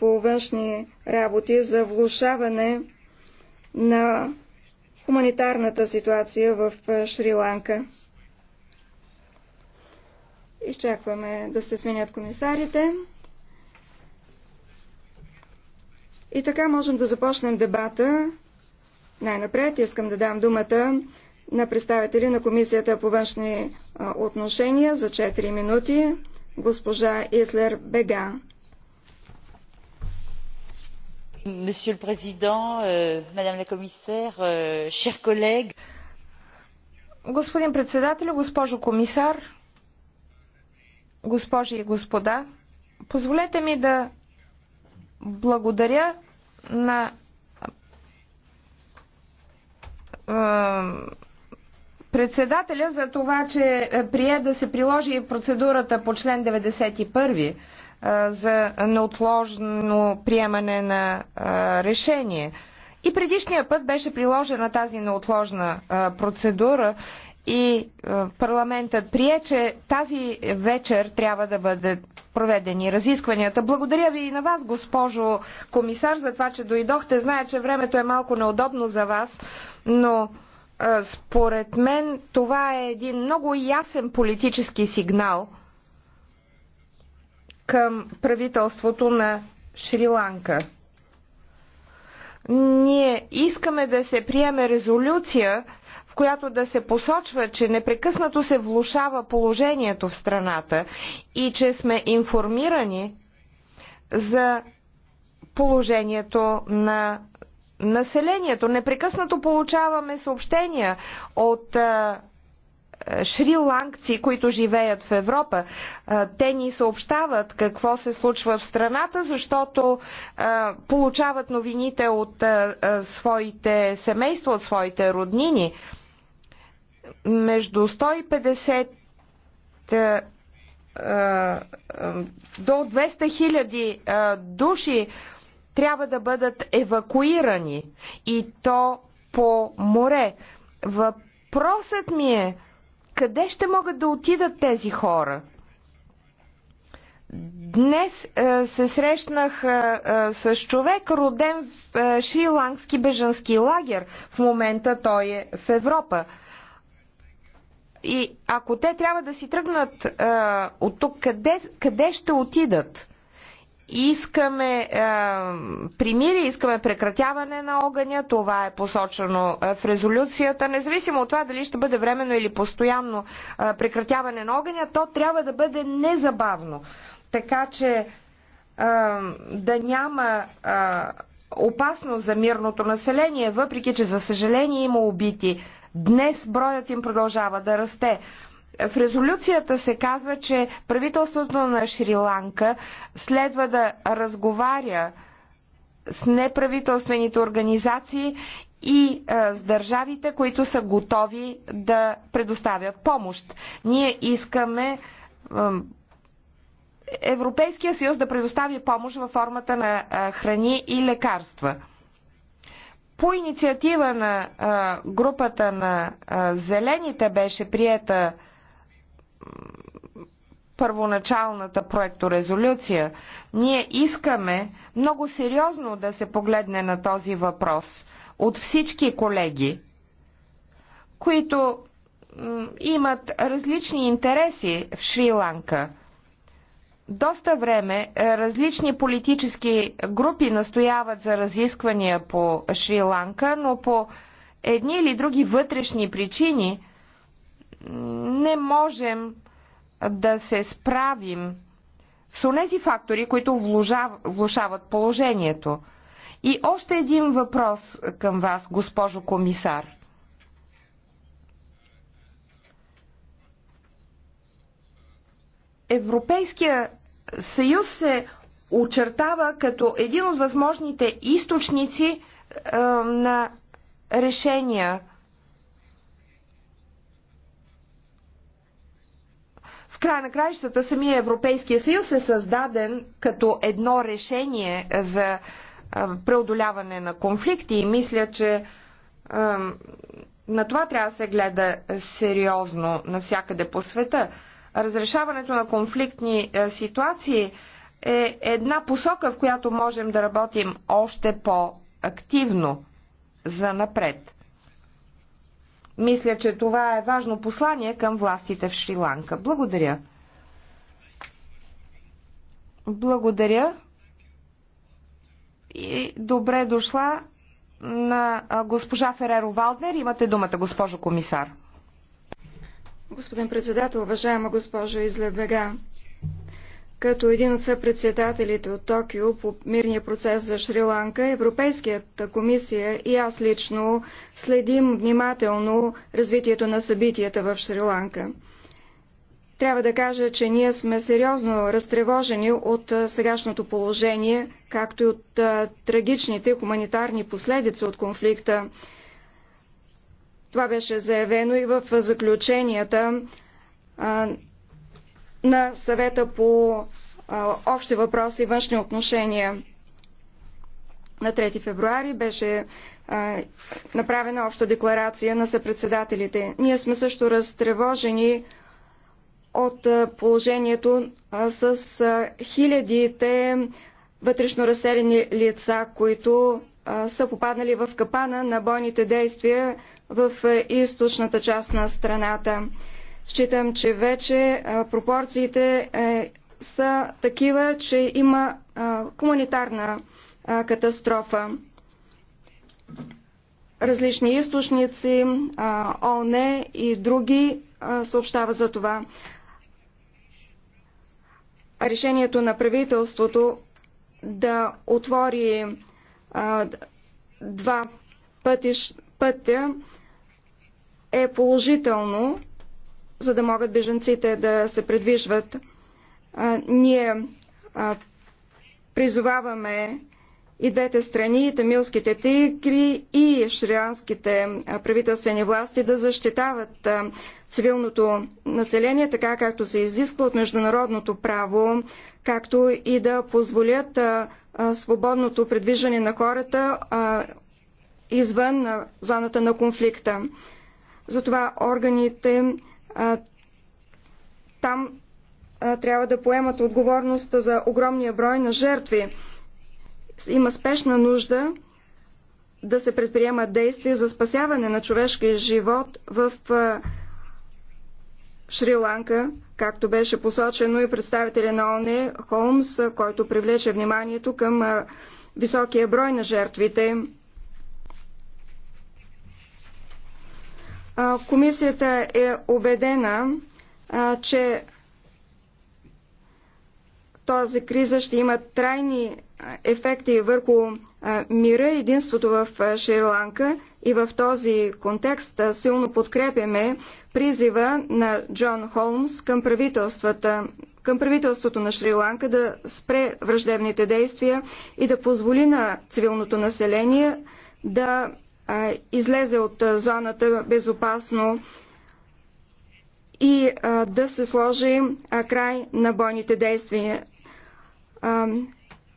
по външни работи за влушаване на хуманитарната ситуация в е, Шри-Ланка. Изчакваме да се сменят комисарите. И така можем да започнем дебата. Най-напред искам да дам думата на представители на Комисията по външни е, отношения за 4 минути, госпожа Ислер Бега. Monsieur le Président, euh, Madame la Комисар, euh, chers collègues. Господин председател, госпожо комисар, госпожи и господа, позволете ми да благодаря на председателя за това, че прие да се приложи процедурата по член 91 за неотложно приемане на решение. И предишния път беше приложена тази неотложна процедура и парламентът прие, че тази вечер трябва да бъде проведени разискванията. Благодаря ви и на вас, госпожо комисар, за това, че дойдохте. Зная, че времето е малко неудобно за вас, но според мен това е един много ясен политически сигнал – към правителството на Шри-Ланка. Ние искаме да се приеме резолюция, в която да се посочва, че непрекъснато се влушава положението в страната и че сме информирани за положението на населението. Непрекъснато получаваме съобщения от а, шри-ланкци, които живеят в Европа. Те ни съобщават какво се случва в страната, защото получават новините от своите семейства, от своите роднини. Между 150 до 200 хиляди души трябва да бъдат евакуирани и то по море. Въпросът ми е, къде ще могат да отидат тези хора? Днес е, се срещнах е, е, с човек, роден в шри-лангски бежански лагер. В момента той е в Европа. И ако те трябва да си тръгнат от тук, къде, къде ще отидат? Искаме е, примирие, искаме прекратяване на огъня, това е посочено е, в резолюцията. Независимо от това дали ще бъде временно или постоянно е, прекратяване на огъня, то трябва да бъде незабавно. Така че е, да няма е, опасност за мирното население, въпреки че за съжаление има убити. Днес броят им продължава да расте. В резолюцията се казва, че правителството на Шри-Ланка следва да разговаря с неправителствените организации и а, с държавите, които са готови да предоставят помощ. Ние искаме а, Европейския съюз да предостави помощ във формата на а, храни и лекарства. По инициатива на а, групата на а, зелените беше приета първоначалната проекторезолюция, ние искаме много сериозно да се погледне на този въпрос от всички колеги, които имат различни интереси в Шри-Ланка. Доста време е, различни политически групи настояват за разисквания по Шри-Ланка, но по едни или други вътрешни причини – не можем да се справим с онези фактори, които влушават положението. И още един въпрос към вас, госпожо комисар. Европейския съюз се очертава като един от възможните източници е, на решения края на краищата самия Европейския съюз е създаден като едно решение за преодоляване на конфликти и мисля, че на това трябва да се гледа сериозно навсякъде по света. Разрешаването на конфликтни ситуации е една посока, в която можем да работим още по-активно за напред. Мисля, че това е важно послание към властите в Шри-Ланка. Благодаря. Благодаря. И добре дошла на госпожа Фереро Валднер. Имате думата, госпожо комисар. Господин председател, уважаема госпожа Излебега, като един от съпредседателите от Токио по мирния процес за Шри-Ланка, Европейският комисия и аз лично следим внимателно развитието на събитията в Шри-Ланка. Трябва да кажа, че ние сме сериозно разтревожени от сегашното положение, както и от трагичните хуманитарни последици от конфликта. Това беше заявено и в заключенията на съвета по общи въпроси и външни отношения. На 3 февруари беше направена обща декларация на съпредседателите. Ние сме също разтревожени от положението с хилядите вътрешно разселени лица, които са попаднали в капана на бойните действия в източната част на страната. Считам, че вече пропорциите е, са такива, че има хуманитарна катастрофа. Различни източници, ООН и други съобщават за това. Решението на правителството да отвори два пътя е положително за да могат беженците да се предвижват. Ние призоваваме и двете страни, тамилските тигри и шрианските правителствени власти да защитават цивилното население, така както се изисква от международното право, както и да позволят свободното предвижване на хората извън зоната на конфликта. Затова органите там трябва да поемат отговорността за огромния брой на жертви. Има спешна нужда да се предприемат действия за спасяване на човешкия живот в Шри-Ланка, както беше посочено и представителя на ОНЕ Холмс, който привлече вниманието към високия брой на жертвите. Комисията е убедена, че тази криза ще има трайни ефекти върху мира, единството в Шри-Ланка и в този контекст силно подкрепяме призива на Джон Холмс към, правителствата, към правителството на Шри-Ланка да спре враждебните действия и да позволи на цивилното население да излезе от зоната безопасно и да се сложи край на бойните действия.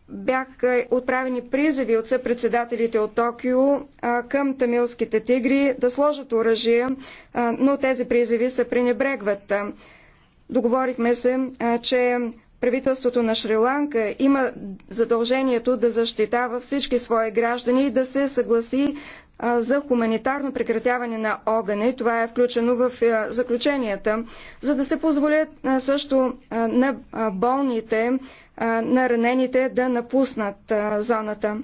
Бяха отправени призиви от съпредседателите от Токио към тамилските тигри да сложат оръжие, но тези призиви се пренебрегват. Договорихме се, че правителството на Шри-Ланка има задължението да защитава всички свои граждани и да се съгласи за хуманитарно прекратяване на огъня и това е включено в заключенията, за да се позволят също на болните, на ранените да напуснат зоната.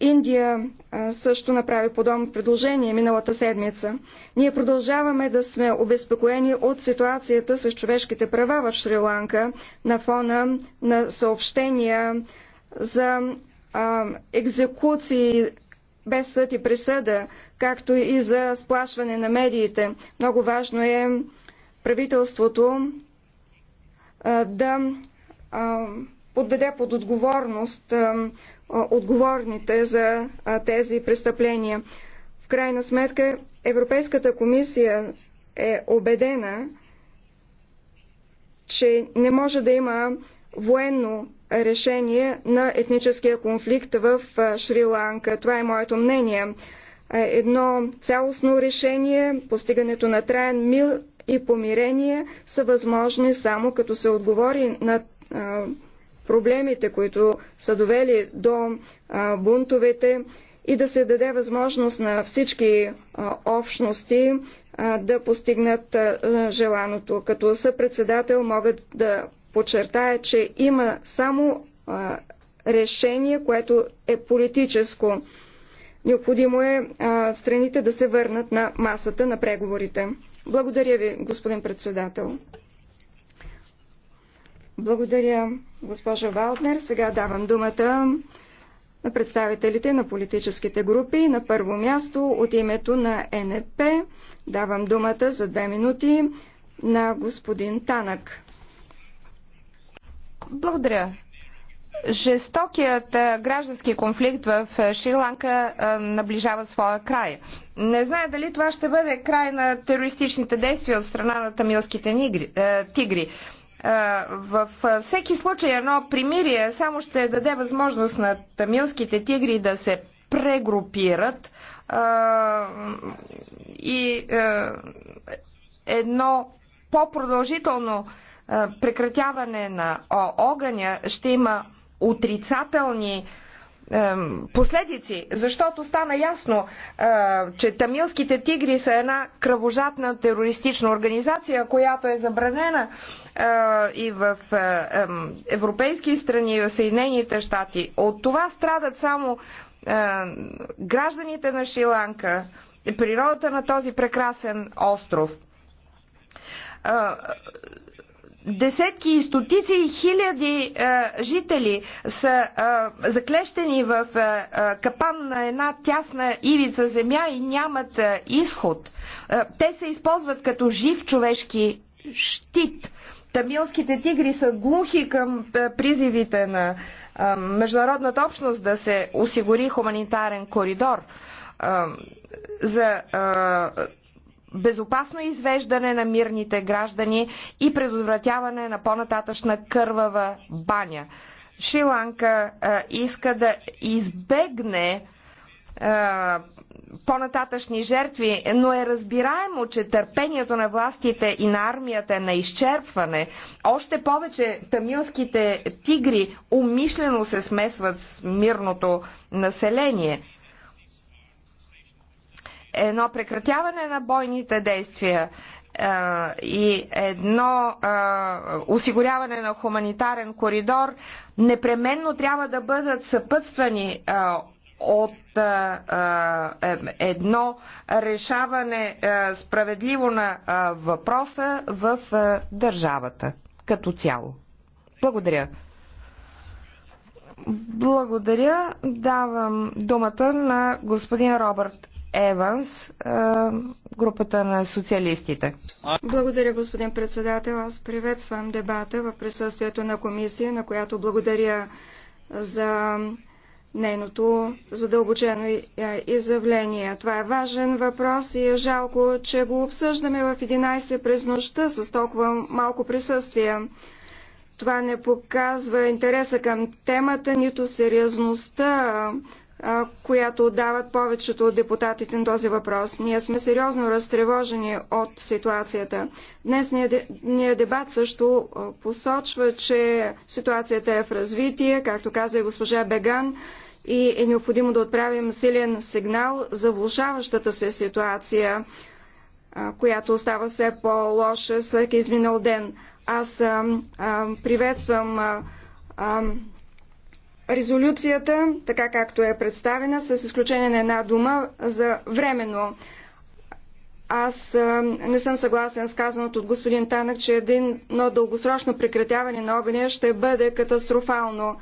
Индия също направи подобно предложение миналата седмица. Ние продължаваме да сме обезпокоени от ситуацията с човешките права в Шри-Ланка на фона на съобщения за екзекуции без съд и присъда, както и за сплашване на медиите. Много важно е правителството да подведе под отговорност отговорните за тези престъпления. В крайна сметка Европейската комисия е убедена, че не може да има военно решение на етническия конфликт в Шри-Ланка. Това е моето мнение. Едно цялостно решение, постигането на траен мил и помирение са възможни само като се отговори на проблемите, които са довели до бунтовете и да се даде възможност на всички общности да постигнат желаното. Като съпредседател могат да подчертая, че има само а, решение, което е политическо. Необходимо е а, страните да се върнат на масата на преговорите. Благодаря ви, господин председател. Благодаря, госпожа Валтнер. Сега давам думата на представителите на политическите групи. На първо място от името на НП давам думата за две минути на господин Танък. Благодаря. Жестокият граждански конфликт в Шри-Ланка наближава своя край. Не знае дали това ще бъде край на терористичните действия от страна на тамилските тигри. Във всеки случай едно примирие само ще даде възможност на тамилските тигри да се прегрупират и едно по-продължително прекратяване на огъня ще има отрицателни последици, защото стана ясно, че тамилските тигри са една кръвожатна терористична организация, която е забранена и в европейски страни, и в Съединените щати. От това страдат само гражданите на Шри-Ланка, природата на този прекрасен остров десетки и стотици и хиляди е, жители са е, заклещени в е, е, капан на една тясна ивица земя и нямат е, изход. Е, те се използват като жив човешки щит. Тамилските тигри са глухи към е, призивите на е, международната общност да се осигури хуманитарен коридор. Е, за е, безопасно извеждане на мирните граждани и предотвратяване на по-нататъчна кървава баня. Шри-Ланка иска да избегне по-нататъчни жертви, но е разбираемо, че търпението на властите и на армията е на изчерпване. Още повече тамилските тигри умишлено се смесват с мирното население едно прекратяване на бойните действия и едно а, осигуряване на хуманитарен коридор непременно трябва да бъдат съпътствани а, от а, е, едно решаване справедливо на въпроса в държавата като цяло. Благодаря. Благодаря. Давам думата на господин Робърт Еванс, групата на социалистите. Благодаря, господин председател. Аз приветствам дебата в присъствието на комисия, на която благодаря за нейното задълбочено изявление. Това е важен въпрос и е жалко, че го обсъждаме в 11 през нощта с толкова малко присъствие. Това не показва интереса към темата, нито сериозността която дават повечето от депутатите на този въпрос. Ние сме сериозно разтревожени от ситуацията. Днесният дебат също посочва, че ситуацията е в развитие, както каза и госпожа Беган, и е необходимо да отправим силен сигнал за влушаващата се ситуация, която става все по-лоша всеки изминал ден. Аз приветствам резолюцията, така както е представена, с изключение на една дума за временно. Аз не съм съгласен с казаното от господин Танък, че едно дългосрочно прекратяване на огъня ще бъде катастрофално.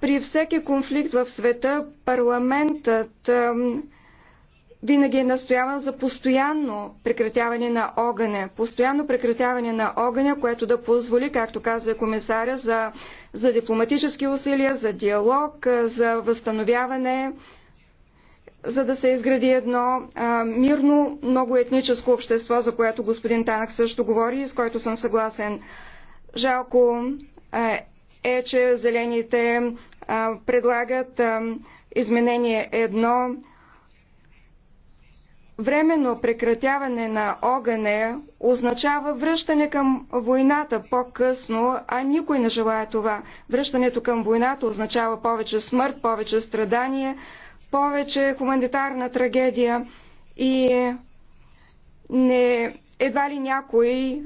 При всеки конфликт в света парламентът винаги е настояван за постоянно прекратяване на огъня. Постоянно прекратяване на огъня, което да позволи, както каза комисаря, за, за дипломатически усилия, за диалог, за възстановяване, за да се изгради едно а, мирно, много етническо общество, за което господин Танък също говори и с който съм съгласен. Жалко а, е, че зелените а, предлагат а, изменение едно Временно прекратяване на огъня означава връщане към войната по-късно, а никой не желая това. Връщането към войната означава повече смърт, повече страдание, повече хуманитарна трагедия и не, едва ли някой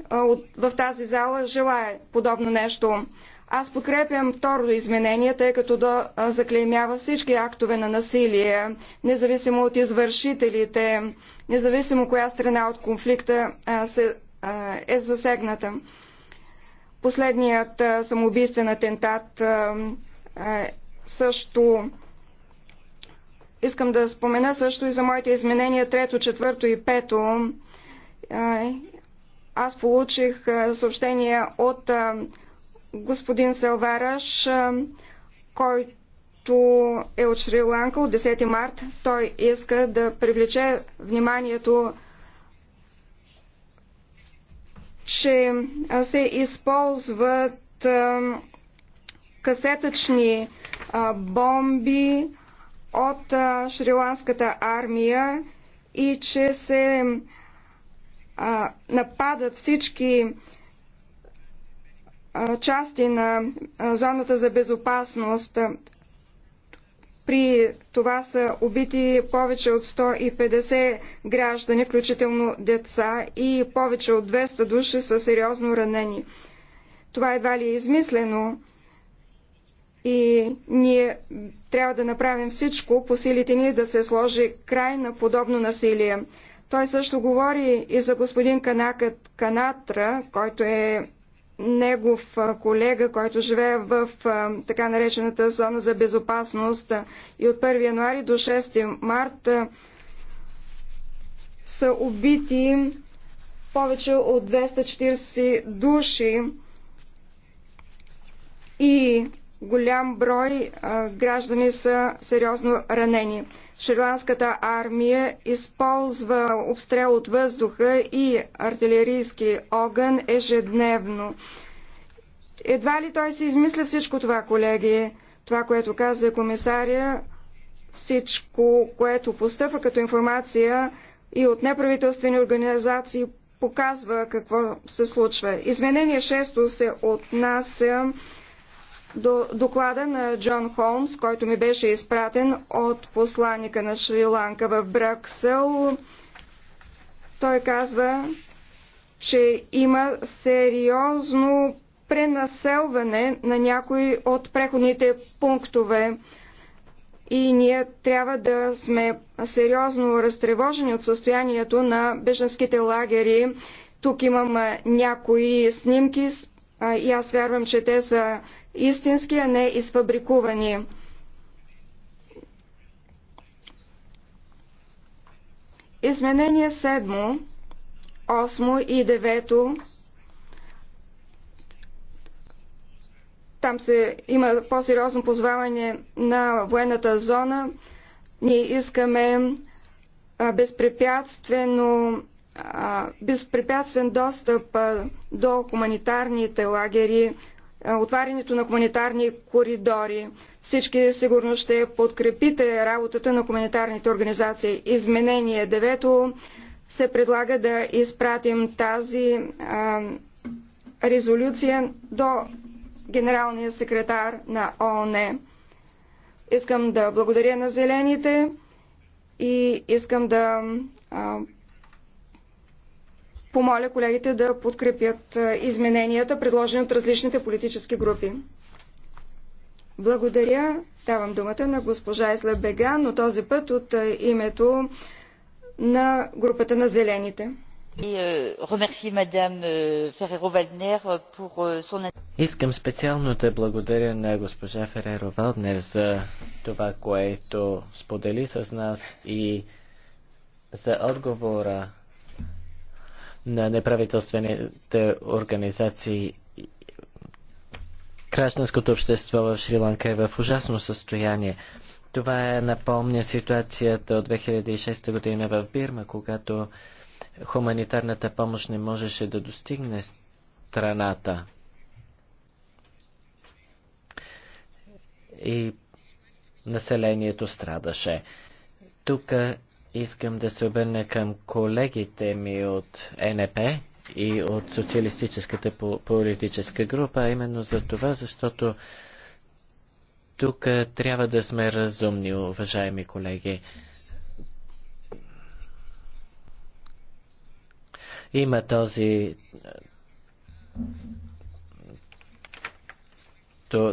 в тази зала желая подобно нещо. Аз подкрепям второ изменение, тъй като да заклеймява всички актове на насилие, независимо от извършителите, независимо коя страна от конфликта е засегната. Последният самоубийствен атентат също Искам да спомена също и за моите изменения трето, четвърто и пето. Аз получих съобщение от господин Селвараш, който е от Шри-Ланка от 10 март. Той иска да привлече вниманието, че се използват касетъчни бомби от шри Шри-Ланската армия и че се нападат всички части на зоната за безопасност. При това са убити повече от 150 граждани, включително деца и повече от 200 души са сериозно ранени. Това едва ли е измислено и ние трябва да направим всичко по силите ни да се сложи край на подобно насилие. Той също говори и за господин Канакът Канатра, който е негов колега, който живее в така наречената зона за безопасност и от 1 януари до 6 март са убити повече от 240 души и голям брой граждани са сериозно ранени. Шриланската армия използва обстрел от въздуха и артилерийски огън ежедневно. Едва ли той се измисля всичко това, колеги? Това, което каза комисаря, всичко, което постъпва като информация и от неправителствени организации показва какво се случва. Изменение 6 се отнася до доклада на Джон Холмс, който ми беше изпратен от посланника на Шри-Ланка в Брюксел. Той казва, че има сериозно пренаселване на някои от преходните пунктове и ние трябва да сме сериозно разтревожени от състоянието на беженските лагери. Тук имам някои снимки и аз вярвам, че те са истински, а не изфабрикувани. Изменение 7, 8 и 9 там се има по-сериозно позваване на военната зона. Ние искаме безпрепятствено безпрепятствен достъп до хуманитарните лагери, отварянето на хуманитарни коридори. Всички сигурно ще подкрепите работата на хуманитарните организации. Изменение 9 се предлага да изпратим тази а, резолюция до генералния секретар на ООН. Искам да благодаря на зелените и искам да а, помоля колегите да подкрепят е, измененията, предложени от различните политически групи. Благодаря. Давам думата на госпожа Есла Бега, но този път от е, името на групата на зелените. Е, Искам специално да благодаря на госпожа Фереро Валднер за това, което сподели с нас и за отговора на неправителствените организации. Гражданското общество в Шри-Ланка е в ужасно състояние. Това е, напомня ситуацията от 2006 година в Бирма, когато хуманитарната помощ не можеше да достигне страната. И населението страдаше. Тук Искам да се обърна към колегите ми от НП и от социалистическата политическа група, именно за това, защото тук трябва да сме разумни, уважаеми колеги. Има този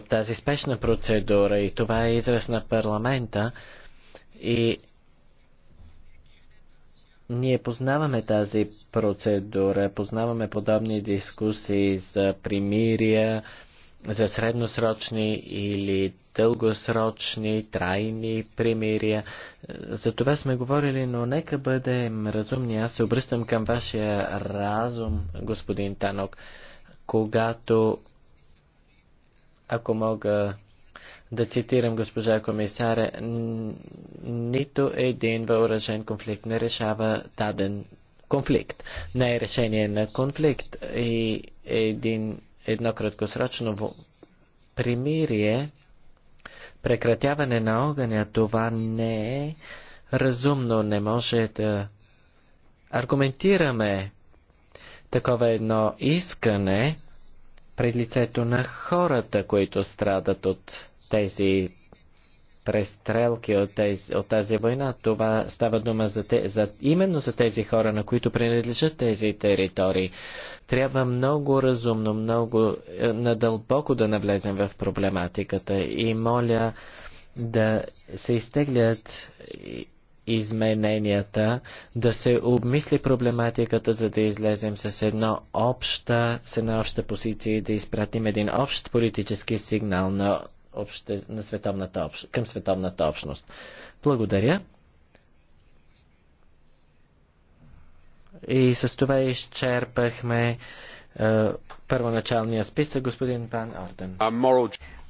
тази спешна процедура и това е израз на парламента и ние познаваме тази процедура, познаваме подобни дискусии за примирия, за средносрочни или дългосрочни, трайни примирия. За това сме говорили, но нека бъдем разумни. Аз се обръщам към вашия разум, господин Танок, когато, ако мога да цитирам госпожа комисаря, нито един въоръжен конфликт не решава даден конфликт. Не е решение на конфликт и един, едно краткосрочно примирие, прекратяване на огъня, това не е разумно, не може да аргументираме такова едно искане пред лицето на хората, които страдат от тези престрелки от, тези, от тази война. Това става дума за, те, за именно за тези хора, на които принадлежат тези територии. Трябва много разумно, много е, надълбоко да навлезем в проблематиката и моля да се изтеглят измененията, да се обмисли проблематиката, за да излезем с, едно обща, с една обща позиция и да изпратим един общ политически сигнал на обще... на световната общ... към световната общност. Благодаря. И с това изчерпахме е, първоначалния списък, господин Пан Орден.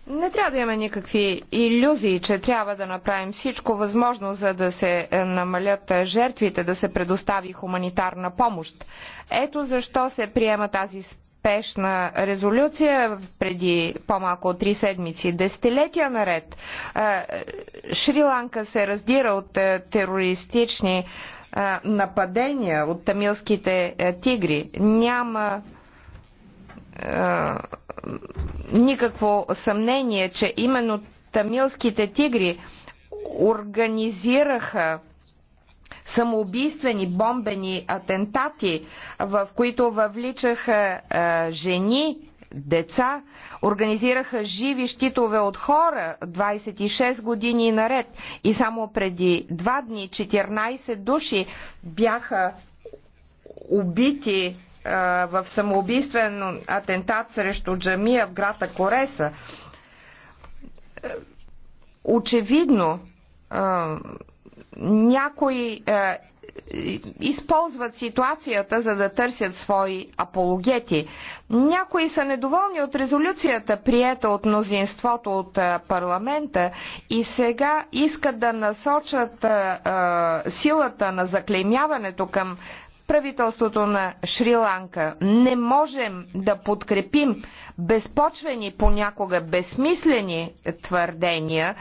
Не трябва да имаме никакви иллюзии, че трябва да направим всичко възможно, за да се е, намалят жертвите, да се предостави хуманитарна помощ. Ето защо се приема тази спешна резолюция преди по-малко от три седмици. Десетилетия наред Шри-Ланка се раздира от терористични нападения от тамилските тигри. Няма никакво съмнение, че именно тамилските тигри организираха самоубийствени бомбени атентати, в които въвличаха е, жени, деца, организираха живи щитове от хора 26 години наред и само преди два дни 14 души бяха убити а, е, в самоубийствен атентат срещу джамия в града Кореса. Е, очевидно, а, някои е, използват ситуацията, за да търсят свои апологети. Някои са недоволни от резолюцията, приета от мнозинството от е, парламента и сега искат да насочат е, е, силата на заклеймяването към правителството на Шри-Ланка. Не можем да подкрепим безпочвени, понякога безсмислени твърдения,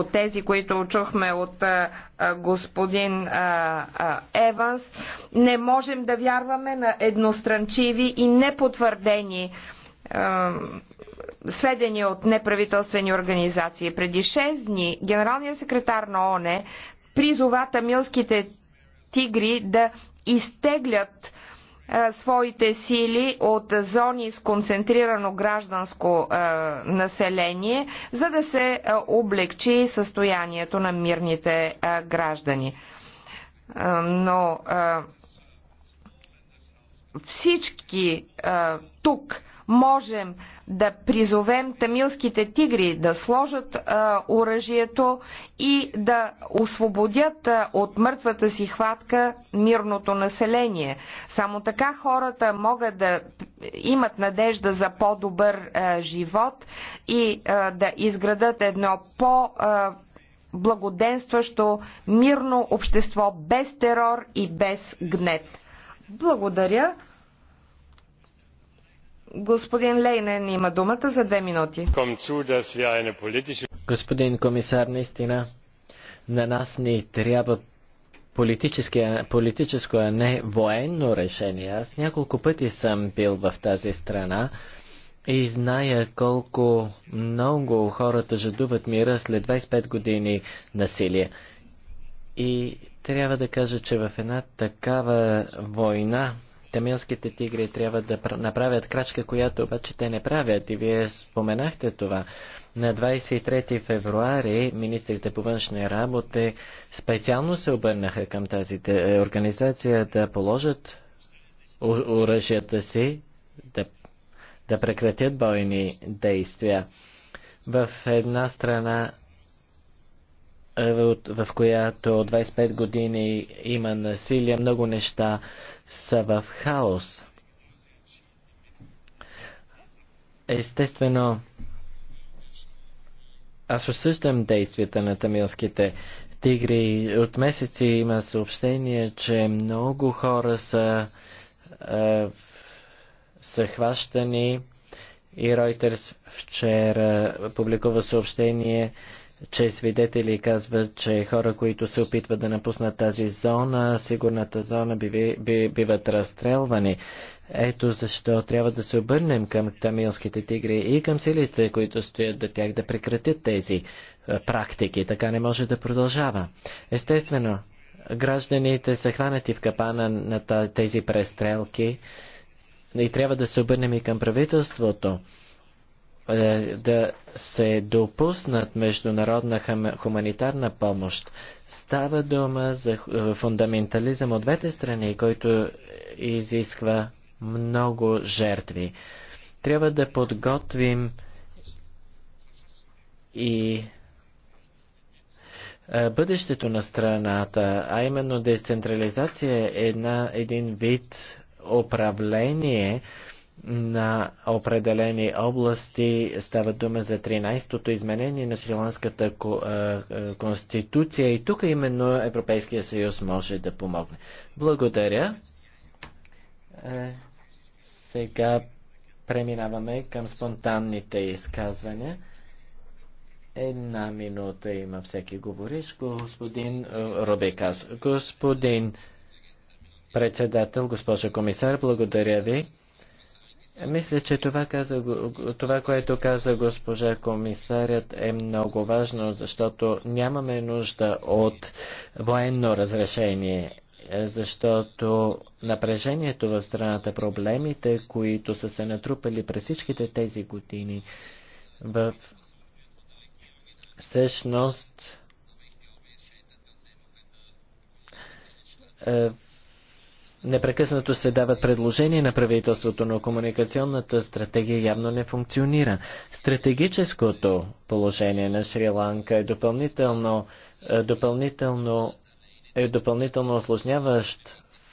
като тези, които чухме от господин Еванс, не можем да вярваме на едностранчиви и непотвърдени сведения от неправителствени организации. Преди 6 дни генералният секретар на ОНЕ призова тамилските тигри да изтеглят е, своите сили от зони с концентрирано гражданско е, население, за да се е, облегчи състоянието на мирните граждани. Но всички тук можем да призовем тамилските тигри да сложат а, оръжието и да освободят а, от мъртвата си хватка мирното население. Само така хората могат да имат надежда за по-добър живот и а, да изградат едно по- а, благоденстващо мирно общество без терор и без гнет. Благодаря. Господин Лейнен има думата за две минути. Господин комисар, наистина на нас ни трябва политическо, а не военно решение. Аз няколко пъти съм бил в тази страна и зная колко много хората жадуват мира след 25 години насилие. И трябва да кажа, че в една такава война тамилските тигри трябва да направят крачка, която обаче те не правят. И вие споменахте това. На 23 февруари министрите по външни работи специално се обърнаха към тази е, организация да положат оръжията си, да, да прекратят бойни действия. В една страна е, в която 25 години има насилие, много неща са в хаос. Естествено, аз осъждам действията на тамилските тигри. От месеци има съобщение, че много хора са, е, са хващани и Reuters вчера публикува съобщение, че свидетели казват, че хора, които се опитват да напуснат тази зона, сигурната зона, би, би, биват разстрелвани. Ето защо трябва да се обърнем към тамилските тигри и към силите, които стоят до тях да прекратят тези е, практики. Така не може да продължава. Естествено, гражданите са хванати в капана на тези престрелки и трябва да се обърнем и към правителството. Е, да се допуснат международна хуманитарна помощ. Става дума за фундаментализъм от двете страни, който изисква много жертви. Трябва да подготвим и е, бъдещето на страната, а именно децентрализация е една, един вид управление, на определени области. Става дума за 13 то изменение на Шриланската конституция и тук именно Европейския съюз може да помогне. Благодаря. Сега преминаваме към спонтанните изказвания. Една минута има всеки говориш. Господин Робекас. Господин председател, госпожа комисар, благодаря ви. Мисля, че това, каза, това, което каза госпожа комисарят е много важно, защото нямаме нужда от военно разрешение, защото напрежението в страната, проблемите, които са се натрупали през всичките тези години, в всъщност е, Непрекъснато се дават предложения на правителството, но комуникационната стратегия явно не функционира. Стратегическото положение на Шри-Ланка е допълнително, е, допълнително, е допълнително осложняващ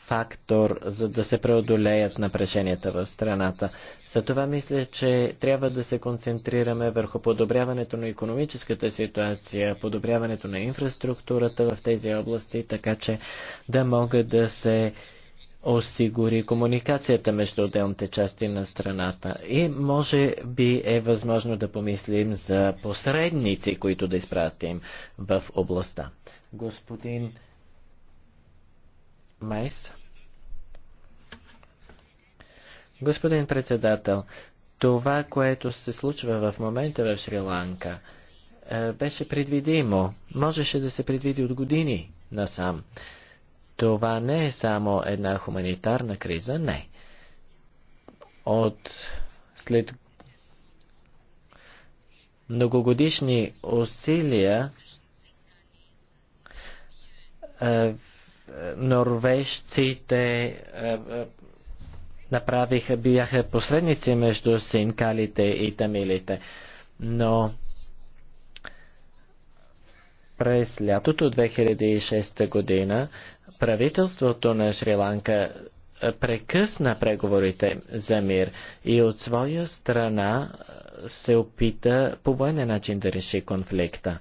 фактор, за да се преодолеят напреженията в страната. За това мисля, че трябва да се концентрираме върху подобряването на економическата ситуация, подобряването на инфраструктурата в тези области, така че да могат да се осигури комуникацията между отделните части на страната. И може би е възможно да помислим за посредници, които да изпратим в областта. Господин Майс. Господин председател, това, което се случва в момента в Шри-Ланка, е, беше предвидимо. Можеше да се предвиди от години насам това не е само една хуманитарна криза, не. От след многогодишни усилия е, е, норвежците е, направиха, бяха посредници между синкалите и тамилите. Но през лятото 2006 година правителството на Шри-Ланка прекъсна преговорите за мир и от своя страна се опита по военен начин да реши конфликта.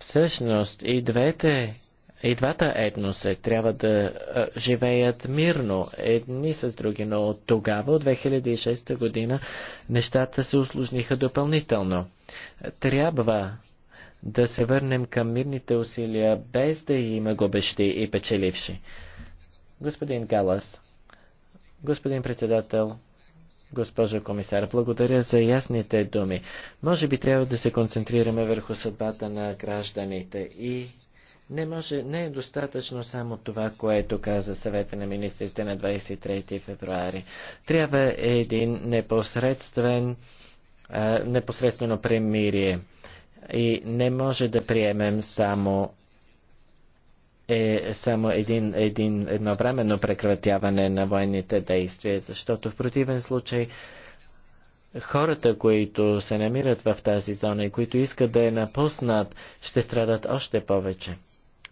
Всъщност и двете и двата етноса трябва да живеят мирно едни с други, но от тогава, от 2006 година, нещата се усложниха допълнително. Трябва да се върнем към мирните усилия, без да има губещи и печеливши. Господин Галас, господин председател, госпожо комисар, благодаря за ясните думи. Може би трябва да се концентрираме върху съдбата на гражданите и не може, не е достатъчно само това, което каза съвета на министрите на 23 февруари. Трябва един непосредствен, а, непосредствено премирие. И не може да приемем само е само един, един едновременно прекратяване на военните действия, защото в противен случай хората, които се намират в тази зона и които искат да я напуснат, ще страдат още повече.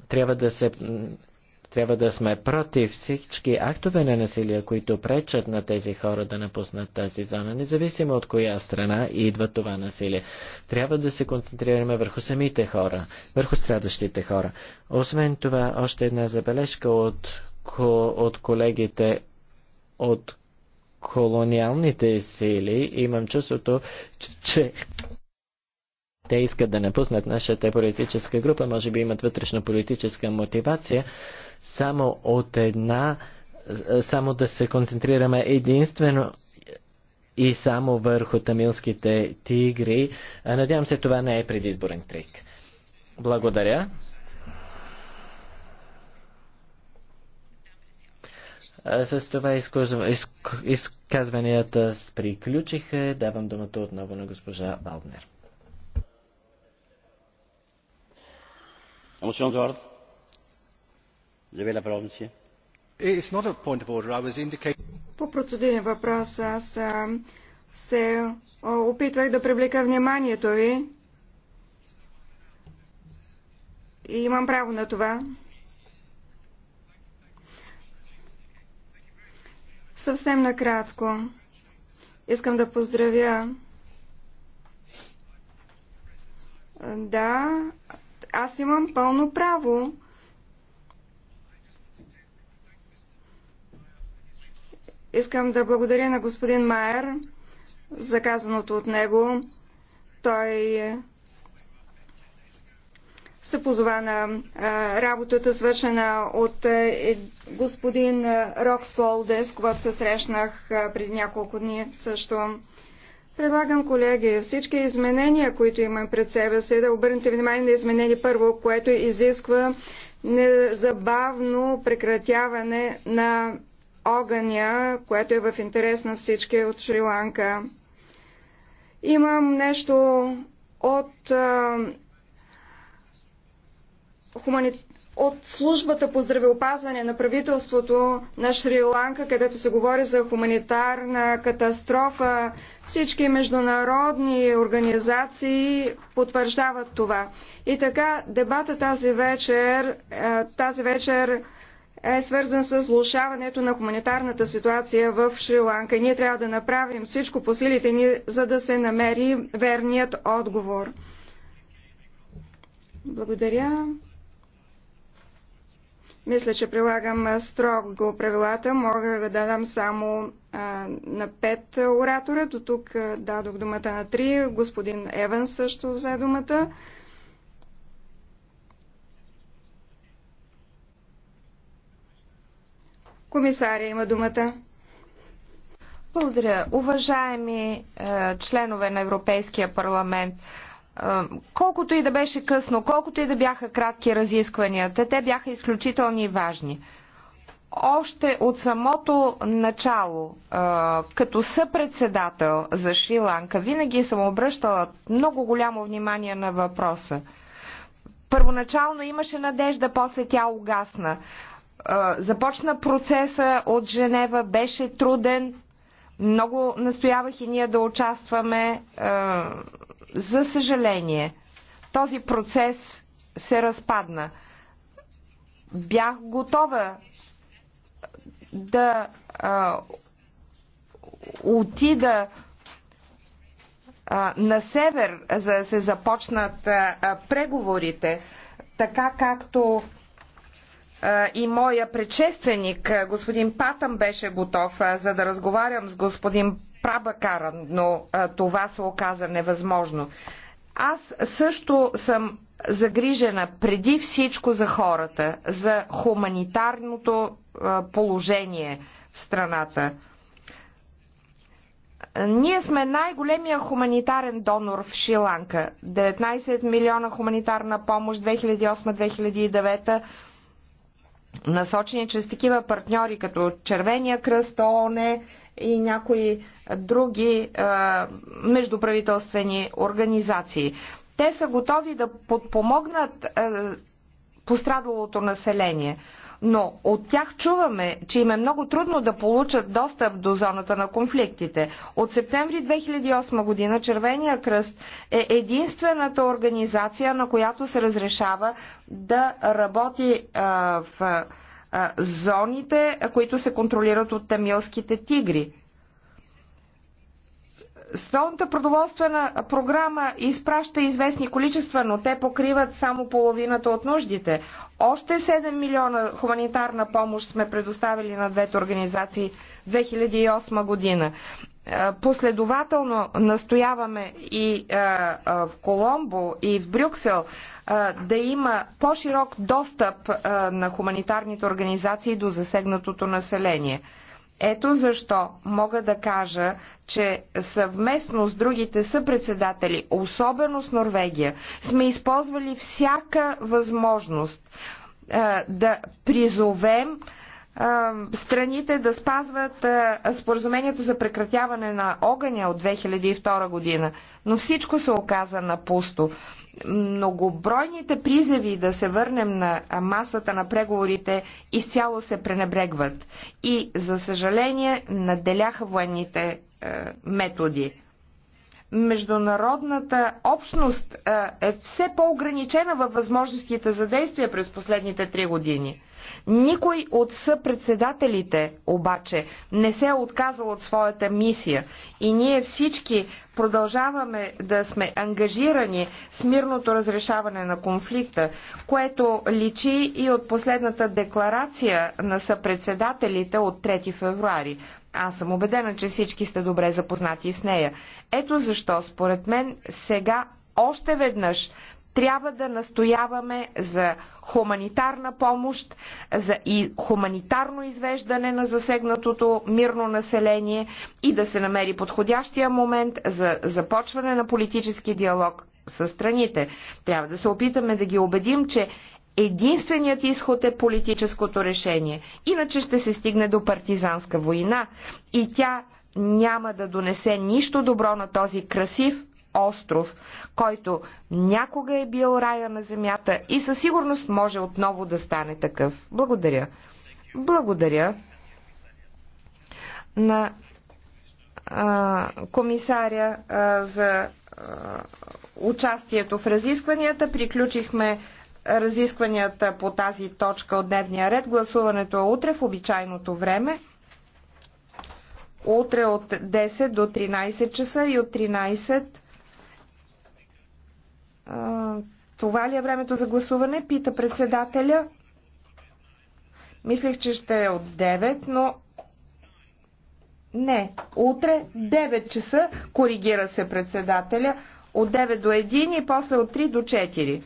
Трябва да, се, трябва да сме против всички актове на насилие, които пречат на тези хора да напуснат тази зона, независимо от коя страна идва това насилие. Трябва да се концентрираме върху самите хора, върху страдащите хора. Освен това, още една забележка от, от колегите от колониалните сили, имам чувството, че те искат да напуснат нашата политическа група, може би имат вътрешно политическа мотивация, само от една, само да се концентрираме единствено и само върху тамилските тигри. Надявам се, това не е предизборен трик. Благодаря. С това изказванията приключиха. Давам думата отново на госпожа Валнер. По процедурен въпрос аз се опитвах да привлека вниманието ви. И имам право на това. Съвсем накратко. Искам да поздравя. Да, аз имам пълно право. Искам да благодаря на господин Майер за казаното от него. Той се позова на работата, свършена от е, господин Рок Солдес, когато се срещнах преди няколко дни също. Предлагам, колеги, всички изменения, които имам пред себе си, да обърнете внимание на изменение първо, което изисква незабавно прекратяване на огъня, което е в интерес на всички от Шри-Ланка. Имам нещо от хумани... от службата по здравеопазване на правителството на Шри-Ланка, където се говори за хуманитарна катастрофа. Всички международни организации потвърждават това. И така, дебата тази вечер, е, тази вечер е свързан с влушаването на хуманитарната ситуация в Шри-Ланка. Ние трябва да направим всичко по силите ни, за да се намери верният отговор. Благодаря. Мисля, че прилагам строго правилата. Мога да дадам само на пет оратора. До тук дадох думата на три. Господин Еван също взе думата. Комисария има думата. Благодаря. Уважаеми е, членове на Европейския парламент, колкото и да беше късно, колкото и да бяха кратки разискванията, те бяха изключителни и важни. Още от самото начало, като съпредседател за Шри-Ланка, винаги съм обръщала много голямо внимание на въпроса. Първоначално имаше надежда, после тя угасна. Започна процеса от Женева, беше труден, много настоявах и ние да участваме. Е, за съжаление, този процес се разпадна. Бях готова да е, отида е, на север, за да се започнат е, преговорите, така както и моя предшественик, господин Патъм, беше готов за да разговарям с господин Прабакаран, но това се оказа невъзможно. Аз също съм загрижена преди всичко за хората, за хуманитарното положение в страната. Ние сме най-големия хуманитарен донор в Шри-Ланка. 19 милиона хуманитарна помощ 2008-2009 насочени чрез такива партньори, като Червения кръст, ООН и някои други а, междуправителствени организации. Те са готови да подпомогнат а, пострадалото население но от тях чуваме, че им е много трудно да получат достъп до зоната на конфликтите. От септември 2008 година Червения кръст е единствената организация, на която се разрешава да работи а, в а, зоните, които се контролират от тамилските тигри. Столната продоволствена програма изпраща известни количества, но те покриват само половината от нуждите. Още 7 милиона хуманитарна помощ сме предоставили на двете организации 2008 година. Е, последователно настояваме и е, е, в Коломбо, и в Брюксел да има по-широк достъп на хуманитарните организации до засегнатото население. Ето защо мога да кажа, че съвместно с другите съпредседатели, особено с Норвегия, сме използвали всяка възможност да призовем страните да спазват споразумението за прекратяване на огъня от 2002 година, но всичко се оказа на пусто. Многобройните призеви да се върнем на масата на преговорите изцяло се пренебрегват и, за съжаление, наделяха военните е, методи международната общност е все по-ограничена във възможностите за действие през последните три години. Никой от съпредседателите обаче не се е отказал от своята мисия и ние всички продължаваме да сме ангажирани с мирното разрешаване на конфликта, което личи и от последната декларация на съпредседателите от 3 февруари. Аз съм убедена, че всички сте добре запознати с нея. Ето защо, според мен, сега още веднъж трябва да настояваме за хуманитарна помощ за и хуманитарно извеждане на засегнатото мирно население и да се намери подходящия момент за започване на политически диалог с страните. Трябва да се опитаме да ги убедим, че единственият изход е политическото решение. Иначе ще се стигне до партизанска война и тя няма да донесе нищо добро на този красив остров, който някога е бил рая на земята и със сигурност може отново да стане такъв. Благодаря. Благодаря на а, комисаря а, за а, участието в разискванията. Приключихме разискванията по тази точка от дневния ред. Гласуването е утре в обичайното време. Утре от 10 до 13 часа и от 13. Това ли е времето за гласуване? Пита председателя. Мислех, че ще е от 9, но не, утре 9 часа, коригира се председателя, от 9 до 1 и после от 3 до 4.